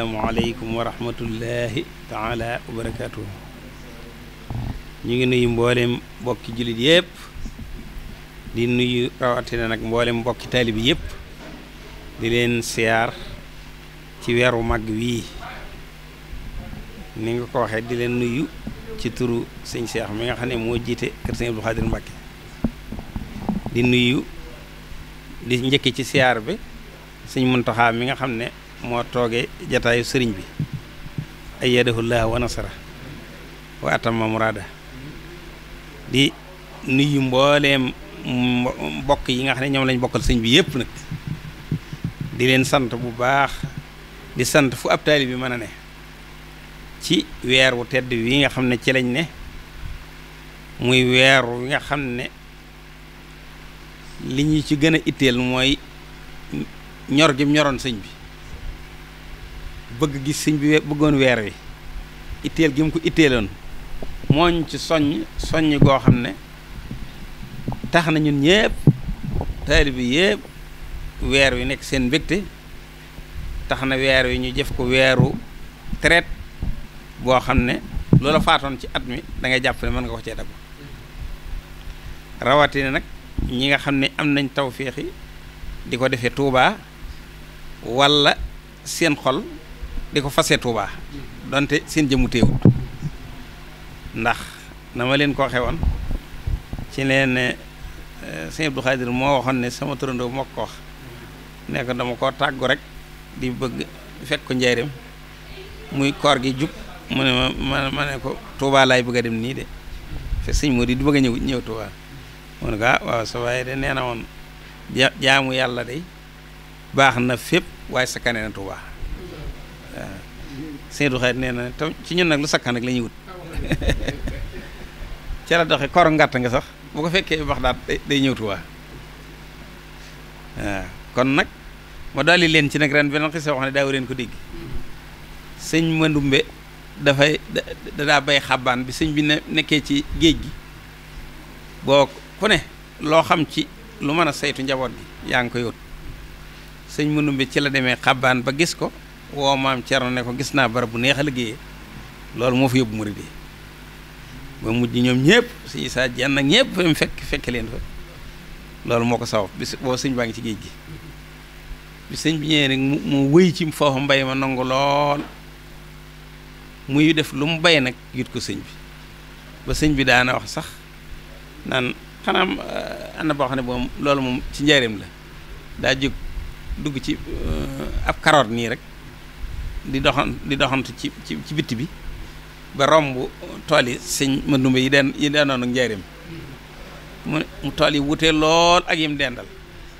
asalaamaaleykum wa rahmatullahi taala wa barakaatu. ñu ngi nuyu mboolem mbokki jullit yëpp di nuyu rawatina nag mboolem mbokki taalib yëpp di leen siyaar ci weeru mag wii ni nga ko di leen nuyu ci turu sëñ Seex mi nga xam ne moo jiite kër sëñ Abdou Khadir Mbacke di nuyu di njëkk ci siyaar bi sëñ Muntaxa mi nga xam ne. moo tooge jataayu sëriñ bi ayyadahu llaahu wa nasara wa atamma muraada di nuyu mbooleem mbokk yi nga xam ne ñoom lañ bokkal sëñ bi yépp nag di leen sant bu baax di sant fu ab taali bi mën a ne ci weer wu tedd wi nga xam ne ci lañ ne muy weer wi nga xam ne li ñu ci gën a itteel mooy ñor gi ñoroon sëñ bi bëgg gis sëñ bi bëggoon weer wi itteel gi mu ko itteeloon mooñ ci soññ soññ goo xam ne tax na ñun ñëpp taalibe bi yëpp weer wi nekk seen mbégte tax na weer wi ñu jëf ko weeru traite boo xam ne loola faatoon ci at mi dangay ngay jàpp ne mën nga ko cee dagg rawatina nag ñi nga xam ne am nañ tawféexi di ko defee Tuubaa walla seen xol di ko fase Touba donte seen jëmu téewut ndax na leen ko waxee woon ci leen ne eh, sëñ Abdou Khadir moo waxoon ne sama turandoo moo ko wax ne ko dama koo tàggu rek di bëgg fekk ko njaareem muy koor gi jub mu ne ma ma ne ko Touba laay bëgg a dem nii de fe sëñ moo di du bëgg a ñëw ñëw Touba mu ne ko ah waaw sa waaye de nee na woon jaamu yàlla de baax na fépp waaye sa kane na Touba Seydou Xarit nee na tam ci ñun nag lu sakkan la ñuy wut ca la doxee koor nga sax bu ko fekkee bax daat day ñëw Tuubaa kon nag ma dolli leen ci nag ren beneen xisa wax ko dégg sëñ Mandumbe dafay dadaa bay xabaan bi sëñ bi ne nekkee ci géej gi boo ku ne loo xam ci lu mën a saytu njaboot gi yaa ngi ko yóot sëñ Mandumbe ci la demee xabaan ba gis ko woo maam Thierno ne ko gis naa barab bu neex a liggéeyee loolu moo fi yóbbu mu yi ba mujj ñoom ñëpp si saa nag ak ñëpp mu fekk fekk leen fa loolu moo ko sawab baa ngi ci géej gi bi sëñ mu ci foofa mbay ma nangu lool def lu mu bay nag yit ko sëñ bi ba sëñ bi daana wax sax naan xanaam eh, am boo xam ne boobu loolu moom ci njaareem la daa jóg dugg ci eh, ab karoot nii rek di doxan di doxantu ci ci ci bitti bi ba romb tool yi sëñ Mandumbe yi de yi denoon ak njaareem mu tool yi wutee lool ak yim dendal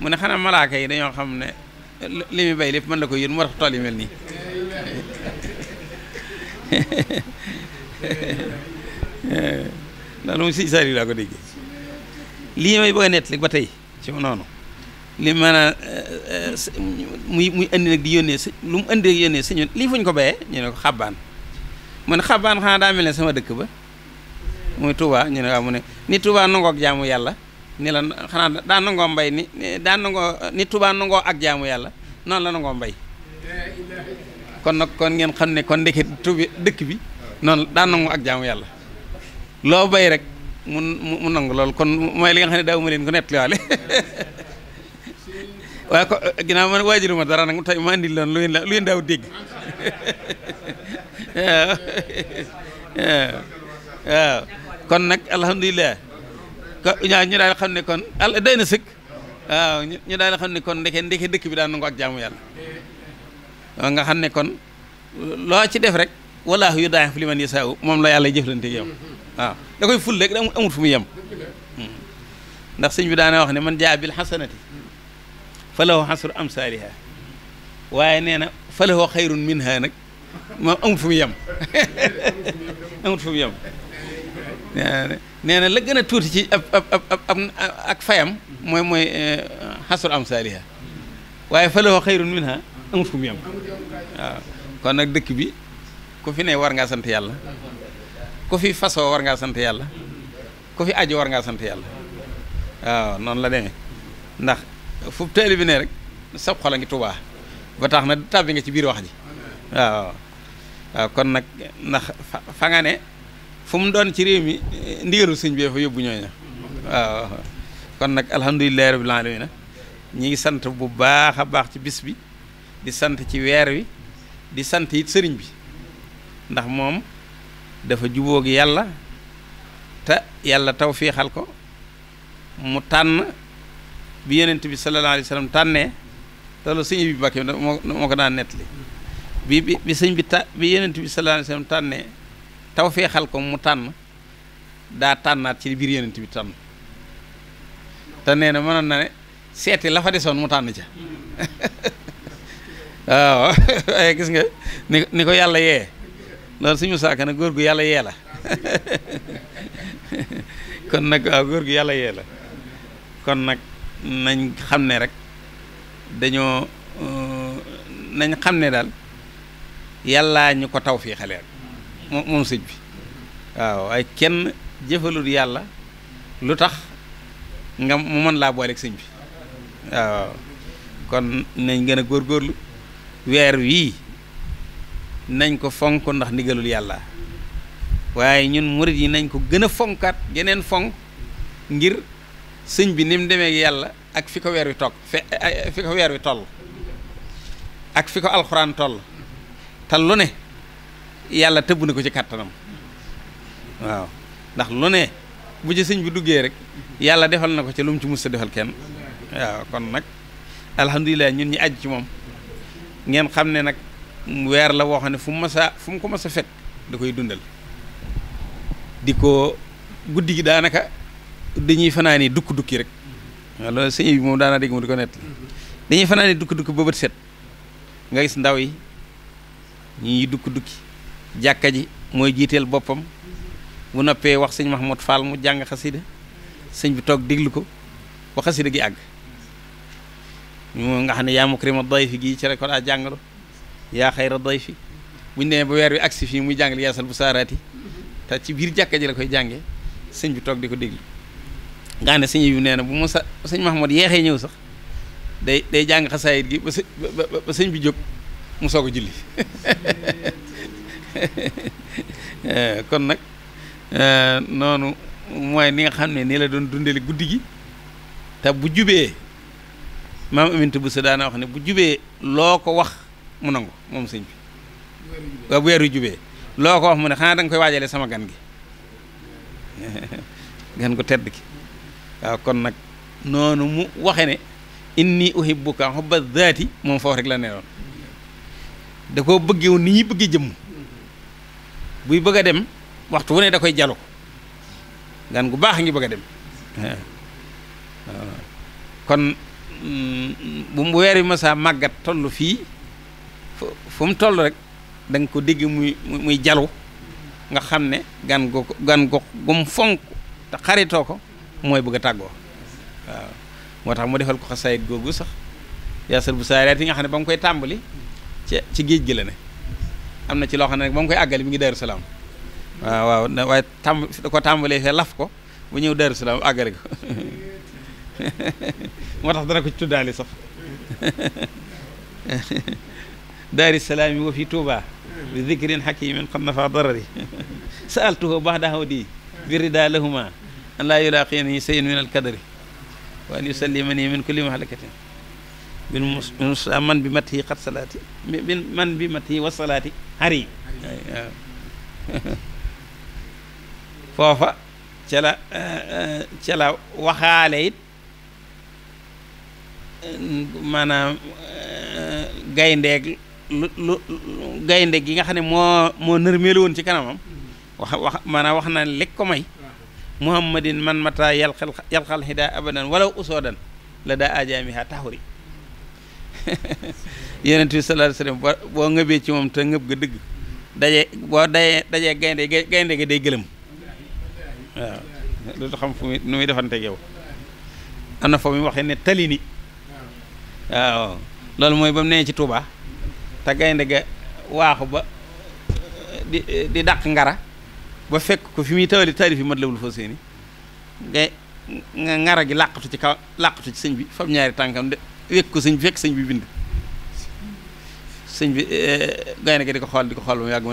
mu ne xanaa malaaka yi dañoo xam ne li muy bay lépp mën la ko yën mu tax tool yi mel nii loolu mu si saari laa ko déggee lii may bëgg a ba tey ci noonu li mën a euh, euh, muy muy indi nag di yónnee si lu mu indi yónnee si ñun lii fu ko béyee ñu ne ko xabaan mu ne xabaan xanaa daa mel ne sama dëkk ba muy Touba ñu ne waaw mu ne ni Touba nangook yàlla ni la xanaa daa nangoo mbay ni daa nangoo ni Touba ak jaamu yàlla noonu la nangoo mbay kon nag kon ngeen xam ne kon ndeket tubi dëkk bi noonu daa nangu ak jaamu yàlla loo bay rek mu mu nangu loolu kon mooy li xam ne daa uma leen ko nettaliwaale waaye ko ginnaaw man waajiru ma dara nag tey ma andil loon lu ngeen lu ngeen daaw dégg waaw waaw kon nag alhamdulilah ko ñaa ñu daal xam ne kon al ñu daal xam ne kon ndeke dëkk bi daan nangu ak jaamu yàlla waaw xam ne kon loo ci def rek walaahu yu daa li man yasaaw moom la yàlla jëflante yow waaw da koy ful rek amul fu mu yem hmm. ndax sëñ bi daana wax ne man jaa bil falahu xasru amsaaliha waaye nee na falahu xayrun minha nag moom amut fu mu amut fu mu yem nee na la gën a tuuti ci ak fayam mooy mooy xasru eh, amsaaliha waaye falahu xayrun minha amut fu mu kon nag dëkk bi ku fi ne war ngaa sant yàlla ku fi fasoo war ngaa sant yàlla ku fi aju war ngaa sant yàlla waaw noonu la demee ndax fu teeli bi ne rek sab xol a ngi tubaa ba tax na tàbbi nga ci biir wax ji waaw waaw kon nag ndax fa nga ne fu mu doon ci réew mi eh, ndigalu sëñ bee fa yóbbu ñooña waaw kon nag alhamdulilahi rabbil alamin ñi ngi sant bu baax a baax ci bis bi di sant ci weer wi di sant it sëriñ bi ndax moom dafa jubóog yàlla te yàlla taw tawfiixal ko mu tànn bi yonent bi sallallahu alayhi wa sallam tànnee loolu bi Mbàkke moo ko daan nettali bi bi bi sëñ bi ta bi yonent bi tànnee taw feexal ko mu tànn daa tànnaat ci biir yonent bi tànn te na mënoon na ne seeti la fa desoon mu tànn ca waaw waaye gis nga ni ko yàlla yee loolu suñu saaka nag yàlla yee la kon nag waaw yàlla yee la kon nag nañ xam ne rek dañoo euh, nañ xam ne daal yàlla ñu ko taw fii xale moom sëñ bi waaw waaye kenn jëfalul yàlla lu tax nga mu mën laa booleeg sëñ bi waaw kon nañ gën a góor góorlu weer wii nañ ko fonk ndax ndigalul yàlla waaye ñun murit yi nañ ko gën a fonkaat geneen fonk ngir sëñ bi ni mu demee yàlla ak fi ko weer wi toog fe fi ko weer wi toll ak fi ko alxuraan toll te lu ne yàlla tëbb na ko ci kàttanam waaw ndax lu ne bu ci sëñ bi duggee rek yàlla defal na ko ci lu mu ci mus a defal kenn waaw kon nag alhamdulilah ñun ñi aju ci moom ngeen xam ne nag weer la woo xam ne fu mu mas a fu mu ko mas a fekk da koy dundal di ko guddi gi daanaka. dañuy fanaani dukk dukki rek loolu sëñ bi moom daanaa dégg mu di ko nett dañuy fanaani dukk dukki ba bët set nga gis ndaw yi ñuy dukk dukki jàkka ji mooy jiiteel boppam bu noppee wax sëñ Mahmoud Fall mu jàng xasida sëñ bi toog déglu ko ba xasida gi àgg moom nga xam ne yaa mukrima dayfi gii ci rek ko daa jàngalu yaa xayra fi buñu demee ba weer bi agsi fii muy jàngal yaasal bu saaraati te ci biir jàkka ji la koy jàngee sëñ bi toog di ko déglu nga ne sëñ yu nee na bu mu sa sëñ Mahamad yeexee ñëw sax day day jàng xasaayit gi ba së sëñ bi jóg mu ko a julli eh, kon nag eh, noonu mooy ni nga xam ne nii la doon dundali guddi gi te bu jubee maam Aminta bu sa daana wax ne bu jubee loo ko wax mu nangu moom sëñ weeru jubee loo ko wax mu ne xanaa danga nga koy waajalee sama gan gi gan ko tedd gi waaw kon nag noonu mu waxe ne in inni uhibbuka hubba zaati moom foofu rek la neewoon da koo bëggewu ni ñuy bëgge jëmm buy bëgg a dem waxtu wu ne da koy jalo gan gu baax ngi bëgg a dem kon mm, bu weer bi masaa màggat toll fii fu mu toll rek danga ko dégg muy muy jalu nga xam ne gan go gan go gum fonk te xaritoo ko mooy bugg a tàggoo waaw moo tax mu defal ko xasaayit googu sax yaasal bu saariyaat yi nga xam ne ba mu koy tàmbali ci ci géej gi la ne am na ci loo xam ne nag ba mu koy àggali mi ngi Daaru Salaam waaw waaw ko laf ko bu ñëw Daaru Salaam àggale ko moo tax dana ko ci tuddaali sax daari salaam yi wa fi Tuuba bi dikrin xakimin qad nafa darari saaltuhu baxda hawdi bi rida lahuma an laa yulaaqiyani sayun min alkadari wa an yusallimani min kulli mahlakatin bin musa man bi mat yi xat salaati bin man bi mat yi was salaati xar yi foofa ca la ca la waxaale it maanaam gayndeeg gi nga xam ne moo moo nërmeelu woon ci kanamam wax wax maanaam wax na lekk ko may muhammadin man mata yalqal yalqal hida abadan walla usoodan la daa ajaamiha taxuri yonent bi sallallahu alayhi wa boo ngëbee ci moom te ngëb ga dëgg daje boo dajee dajee gaynde gaynde ga day gëlëm waaw lu xam fu nu muy defante yow am na foo mu waxee ne tali ni waaw loolu mooy ba mu nee ci Tuubaa te gaynde ga waaxu ba di daq ngara ba fekk ko fi muy tawali taarif yi mat lawul foo seeni nga nga ngara gi làqatu ci kaw làqatu ci sëñ bi fab ñaari tànkam de wekk ko sëñ bi fekk sëñ bi bind sëñ bi eh, gaynde gi di ko xool di ko xool ba mu yàgg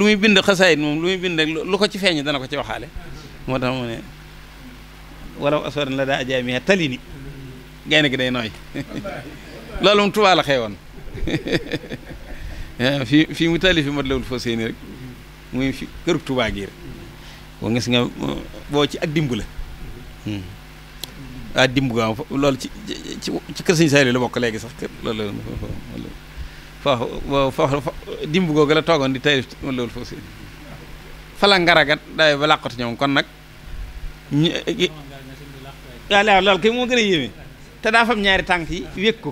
mu bind xasaayit moom lu muy bind lu ko ci feeñ dana ko ci waxaale moo tax mu ne wala asoran la daa ajaamiha tali ni gaynde gi day nooy loolu moom Tuubaa la xewoon Eh, fii fii mu taalif fi mat lawul foo séeni rek muy fi kërug Tuubaa gi rek boo gis nga boo ci ak dimb la hmm. ah dimb ga loolu ci ci ci kër Sëñ la bokk léegi sax kër loolu la foofu foofu dimb googu la di taalif mat lawul daay ba làqatu ñoom kon nag ñu waaw loolu kay moo gën a yéeme te daa fam ñaari tànk yi wékk ko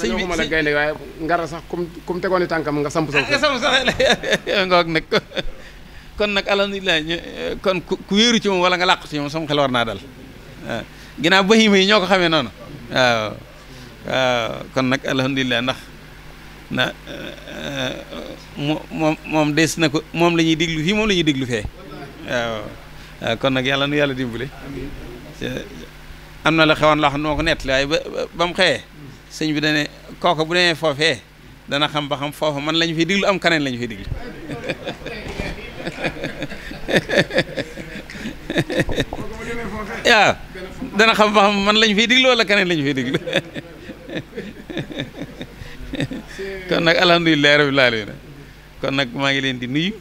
sëñ bi waxuma la gaynde waaye ngara sax comme comme tegooni tànkam nga samp sax ah, nga samp sax nga wax nag kon nag alhamdulilah ñu kon ku wéeru ci moom wala nga làqu ci moom sama xel war naa dal waaw ah, ginnaaw bahima yi ñoo ko xamee noonu waaw waaw kon nag alhamdulilah ndax na eh, eh, moom moom des na ko moom la ñuy déglu fii moom lañuy ñuy fee waaw ah, kon nag yàlla nu yàlla dimbale eh, am na la xewoon loo xam ne moo ko nettali waaye ba mu xëyee sëñ bi dane kooka bu demee foofee dana xam ba xam foofa man lañu fay diglu am kaneen lañu fay diglu waaw dana xam ba xam man lañu fay diglu wala kaneen lañu fay diglu kon nag alhamdulilahi rabbil alamin kon nag maa ngi leen di nuyu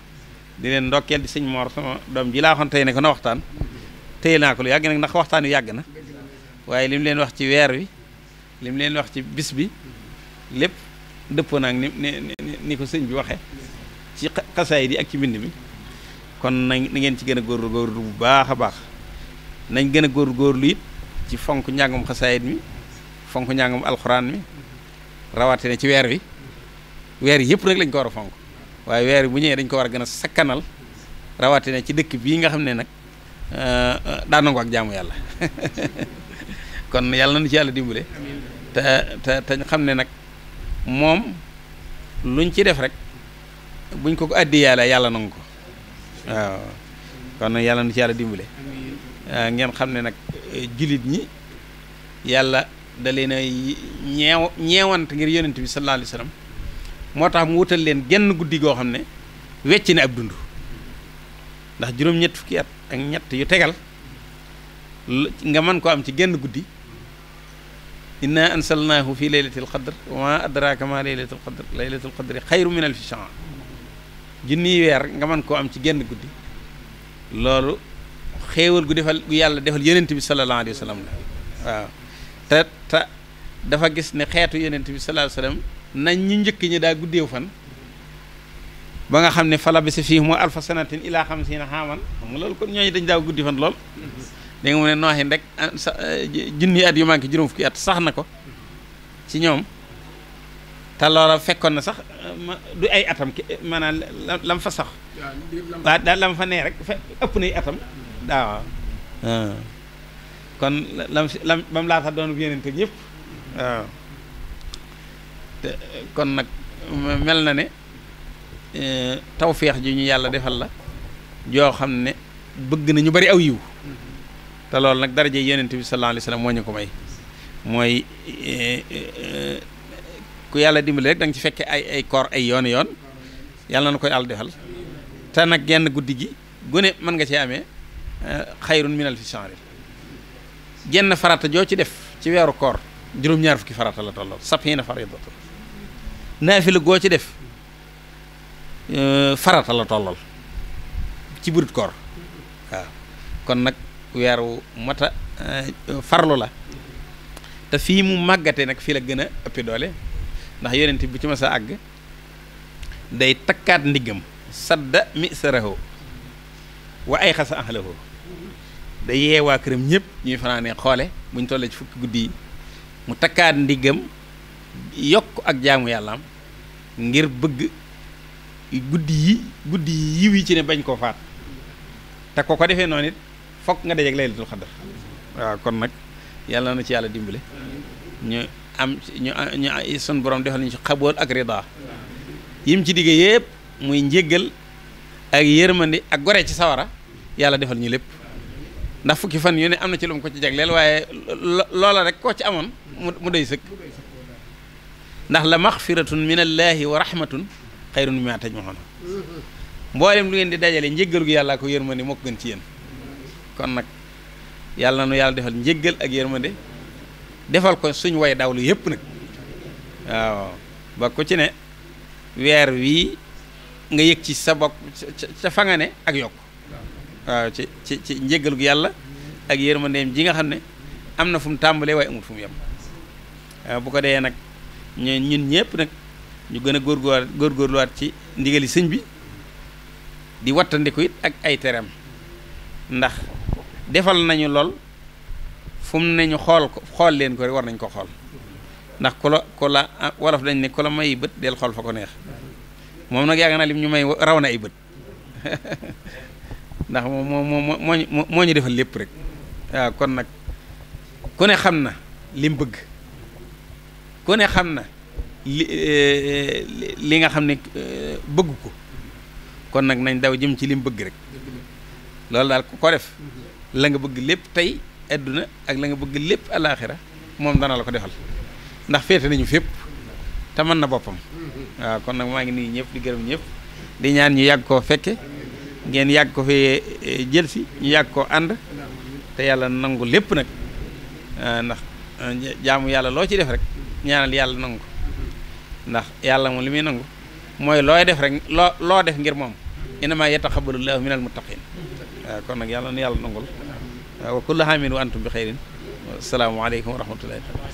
di leen ndokkeel di sëñ Mor sama doom ji laa waxoon tey ne ko na waxtaan téye naa ko lu yàgg nag ndax waxtaan wi yàgg na waaye lim leen wax ci weer wi lim leen wax ci bis bi lépp dëppoo naag ni ni ni ko sëñ bi waxe ci xasaay yi ak ci mbind mi kon nañ na ngeen ci gën a góor góorlu bu baax a baax nañ gën a góor góorlu it ci fonk njàngum xasaayit mi fonk njàngum alxuraan mi rawatina ci weer wi weer yëpp nag lañ ko war a fonk waaye weer bu ñëwee dañ ko war a gën a sakkanal rawatina ci dëkk bii nga xam ne nag euh, euh, daa nangu ak jaamu yàlla kon yàlla na nu ci yàlla dimbale te te te xam ne nag moom luñ ci def rek buñ ko ko àddiyaale yàlla nangu ko waaw kon yàlla nu ci yàlla dimbale ngeen xam ne nag eh, jullit ñi yàlla da leen a ñeew ñeewant ngir yonent bi sallallahu alayhi moo tax mu wutal leen genn guddi goo xam ne wecc na ab dund ndax juróom-ñett fukki at ak ñett yu tegal nga mën ko am ci genn guddi inna ansalnaahu fi laylatil qadr wa ma adraka ma laylatul qadr laylatul qadri xayru min alfi shahr junniy weer nga man ko am ci genn guddi loolu xéewal gu defal gu yàlla defal yonent bi sallallahu alayhi wa waaw te te dafa gis ne xeetu yonent bi sallallahu alayhi wa sallam nañ ñu njëkk ñi daa guddeew fan ba nga xam ne fala bi sa fii mu alfa sanatin ilaa xamsiina xaaman xam nga loolu kon ñooñu dañ daa guddi fan lool dégg nga mu ne nooxin rek ah, eh, junni at yu manqué juróom fukki at sax na ko ci ñoom te fekkoon na sax eh, du ay atam eh, maanaam lam fa sax waaw daal lam fa nee rek fe ëpp nay atam daaw ah. kon lam lam doon yeneen te kon nag mel na ne tawféex ji ñu yàlla defal la joo xam ne bëgg na ñu bari aw yiw te loolu nag daraje yonent bi sallallahu alayhi wa sallam moo ko may mooy eh, eh, ku yàlla dimbali rek da nga ci fekke ay ay koor ay yoon yoon yàlla na koy yàlla defal te nag genn guddi gi gune mën nga cee amee eh, xayrun minal fi shahri genn farata joo ci def ci weeru koor juróom-ñaar fukki farata la tolloo sabiina faridatu naafila goo ci def farata la tollal ci burut koor waaw kon nag weer mata euh, farlu la te fii mu màggatee nag fii la gën a ëpp doole ndax yonent bi ci ma sa àgg day takkaat ndiggam sadda mi saraho wa ay xasa ahlahu day yeewaa këram ñëpp ñuy fanaanee xoole buñ tollee ci fukki guddi yi mu takkaat ndiggam yokk ak jaamu yàllaam ngir bëgg guddi yi guddi yi yiw yi ci ne bañ koo faat te ko ko defee noonu it fokk nga dajeeg laylatul xadar waaw kon nag yàlla na ci yàlla dimbale ñu am ñu ñu sun borom defal ñu ci xabool ak rida yim ci diggee yëpp muy njéggal ak yërmandi ak gore ci sawara yàlla defal ñu lépp ndax fukki fan yu ne am na ci lu mu ko ci jagleel waaye loola rek koo ci amoon mu day sëkk ndax la maxfiratun min allaahi wa rahmatun xayrun mimmaa tajmaxoon mboolem lu ngeen di dajale njéggalu gi yàlla ko yërmandi moo ko gën ci yéen kon nag yàlla na nu yàlla defal njéggal ak yërmande defal ko suñ way dawlu yëpp nag waaw ba ku ci ne weer wii nga yëg ci sa bopp ca fa ak yokk waaw ci ci ci njéggalu yàlla ak yërmandeem ji nga xam ne am na fu mu tàmbalee waaye amul fu mu yem bu ko dee nag ñu ñun ñëpp nag ñu gën a góor góorgóor góorgóorluwaat ci ndigali sëñ bi di wattandiku it ak ay teram ndax defal nañu lool fu mu nañu xool ko xool leen ko rek war nañ ko xool ndax ku la ku la ah, wolof dañ ne ku la may bët del xool fa ko neex moom nag yàgg naa lim ñu may raw na ay bët ndax moom moom moo moo ñu defal lépp rek waaw kon nag ku ne xam na lim bëgg ku ne xam na li eh, eh, li nga xam ne eh, bëgg ko kon nag nañ daw jëm ci lim bëgg rek loolu daal ku ko def la nga bëgg lépp tey adduna ak la nga bëgg lépp alaaxira moom dana la ko defal ndax féete nañu fépp te mën na boppam waaw kon nag maa ngi nii ñëpp di gërëm ñëpp di ñaan ñu yàgg koo fekke ngeen yàgg ko fi eh, jël si ñu yàgg koo ànd te yàlla nangu lépp nag eh, ndax eh, jaamu yàlla loo ci def rek ñaanal yàlla nangu ndax yàlla moom li muy nangu mooy looy def rek loo loo def ngir moom innamaa yataxabbalu llaahu mu muttaqiin waaw eh, kon nag yàlla na yàlla nangul eh, wa kullu aamin wa antum bi xayrin asalaamaaleykum wa rahmatullahi taala